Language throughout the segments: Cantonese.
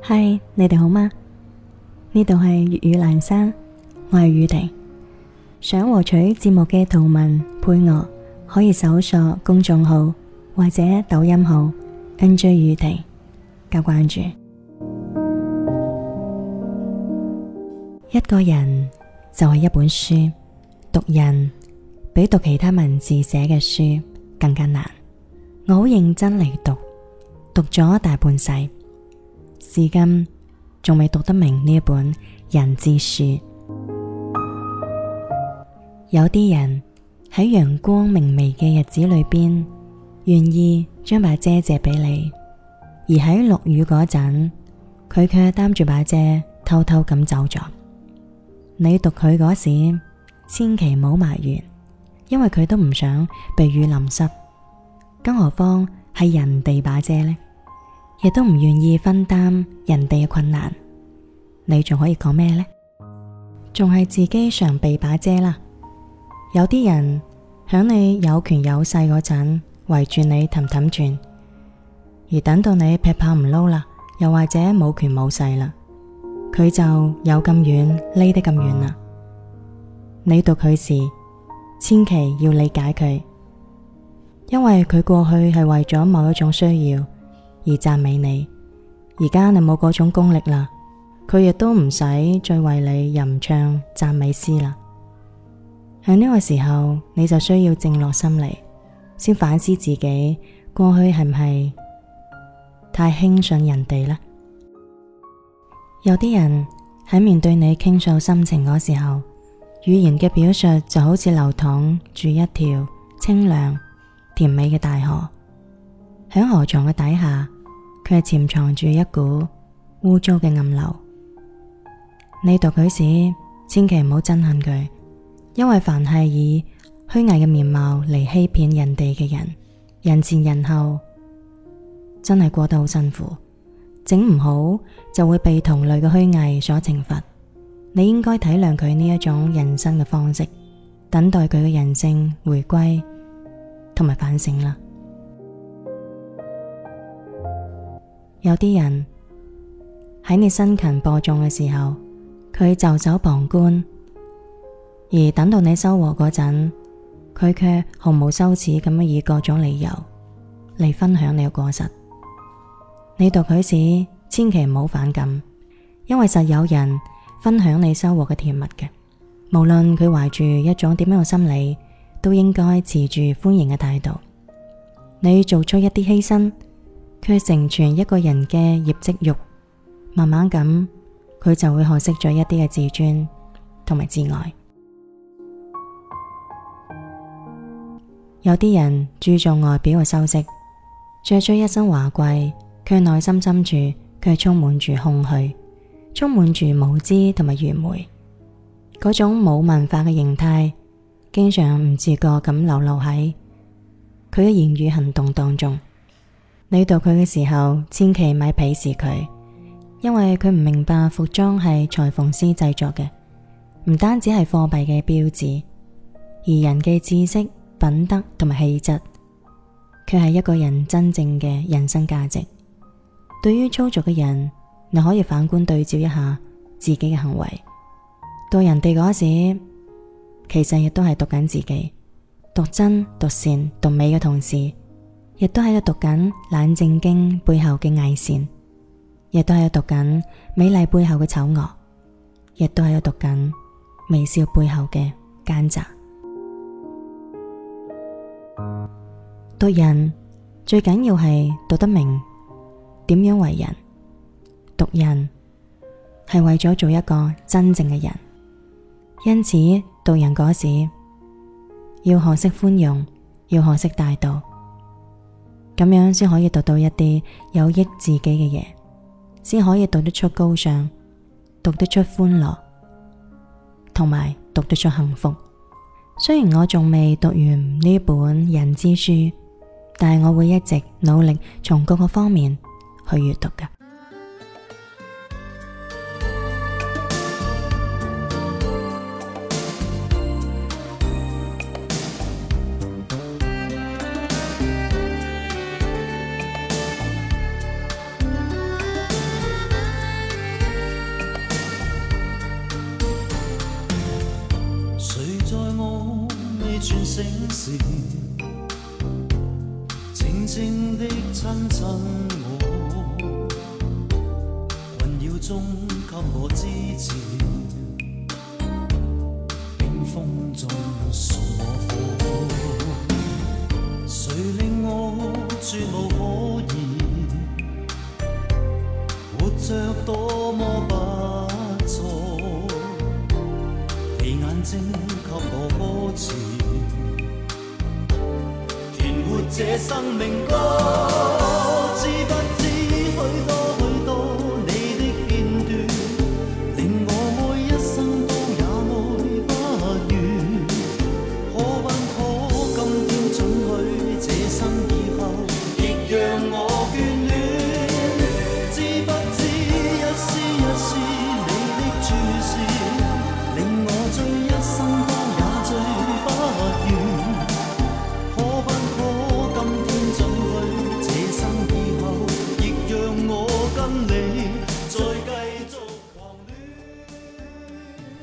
嗨，Hi，你哋好嗎？呢度係粵語蘭山，我係宇婷。想獲取節目嘅圖文配樂，可以搜索公眾號或者抖音號 NJ 宇婷加關注。 一個人就係一本書，讀人比讀其他文字寫嘅書更加難。我好認真嚟讀，讀咗大半世。至今仲未讀得明呢一本人之書，有啲人喺陽光明媚嘅日子裏邊，願意將把遮借俾你；而喺落雨嗰陣，佢卻擔住把遮偷偷咁走咗。你讀佢嗰時，千祈唔好埋怨，因為佢都唔想被雨淋濕，更何況係人哋把遮呢？亦都唔願意分擔人哋嘅困難，你仲可以講咩呢？仲係自己常備把遮啦。有啲人響你有權有勢嗰陣圍住你氹氹轉，而等到你劈炮唔撈啦，又或者冇權冇勢啦，佢就有咁遠匿得咁遠啦。你讀佢時，千祈要理解佢，因為佢過去係為咗某一種需要。而讚美你，而家你冇嗰種功力啦，佢亦都唔使再為你吟唱讚美詩啦。喺呢個時候，你就需要靜落心嚟，先反思自己過去係唔係太輕信人哋呢？有啲人喺面對你傾訴深情嗰時候，語言嘅表述就好似流淌住一條清亮甜美嘅大河，喺河床嘅底下，佢係潛藏住一股污糟嘅暗流，你讀佢時，千祈唔好憎恨佢，因為凡係以虛偽嘅面貌嚟欺騙人哋嘅人，人前人後，真係過得好辛苦，整唔好，就會被同類嘅虛偽所懲罰。你應該體諒佢呢一種人生嘅方式，等待佢嘅人性回歸，同埋反省啦。有啲人喺你辛勤播種嘅時候，佢袖手旁觀；而等到你收穫嗰陣，佢卻毫無羞恥咁樣以各種理由嚟分享你嘅果實。你讀佢時，千祈唔好反感，因為實有人分享你收穫嘅甜蜜嘅。無論佢懷住一種點樣嘅心理，都應該持住歡迎嘅態度。你做出一啲犧牲，卻成全一個人嘅業績欲，慢慢咁佢就會學識咗一啲嘅自尊同埋自愛。有啲人注重外表嘅修飾，着出一身華貴，卻內心深處卻充滿住空虛，充滿住無知同埋愚昧。嗰種冇文化嘅形態，經常唔自覺咁流露喺佢嘅言語行動當中。你讀佢嘅時候，千祈咪鄙視佢，因為佢唔明白服裝係裁縫師製作嘅，唔單止係貨幣嘅標誌，而人嘅知識、品德同埋氣質，佢係一個人真正嘅人生價值。對於粗俗嘅人，你可以反觀對照一下自己嘅行為。讀人哋嗰時，其實亦都係讀緊自己，讀真、讀善、讀美嘅同時。亦都喺度讀緊冷靜經背後嘅偽善，亦都喺度讀緊美麗背後嘅醜惡，亦都喺度讀緊微笑背後嘅奸詐。 讀人最緊要係讀得明點樣為人。讀人係為咗做一個真正嘅人，因此讀人嗰時要學識寬容，要學識大度。咁樣先可以讀到一啲有益自己嘅嘢，先可以讀得出高尚，讀得出歡樂，同埋讀得出幸福。雖然我仲未讀完呢本人之書，但係我會一直努力從各個方面去閱讀㗎。時，靜靜的親親我，困擾中給我支持，冰封中送我火，誰令我絕無可疑，活着多麼不錯，你眼睛給我歌詞。這生命歌。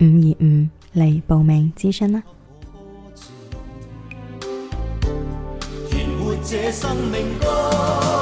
五二五嚟報名諮詢啦！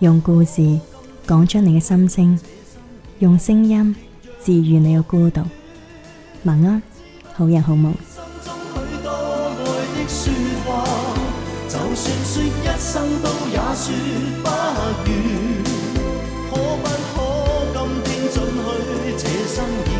用故事講出你嘅心聲，用聲音治愈你嘅孤獨。晚安，啊，好人好夢。心中許多愛的說說說話，就算說一生都也說不完。可不可今天這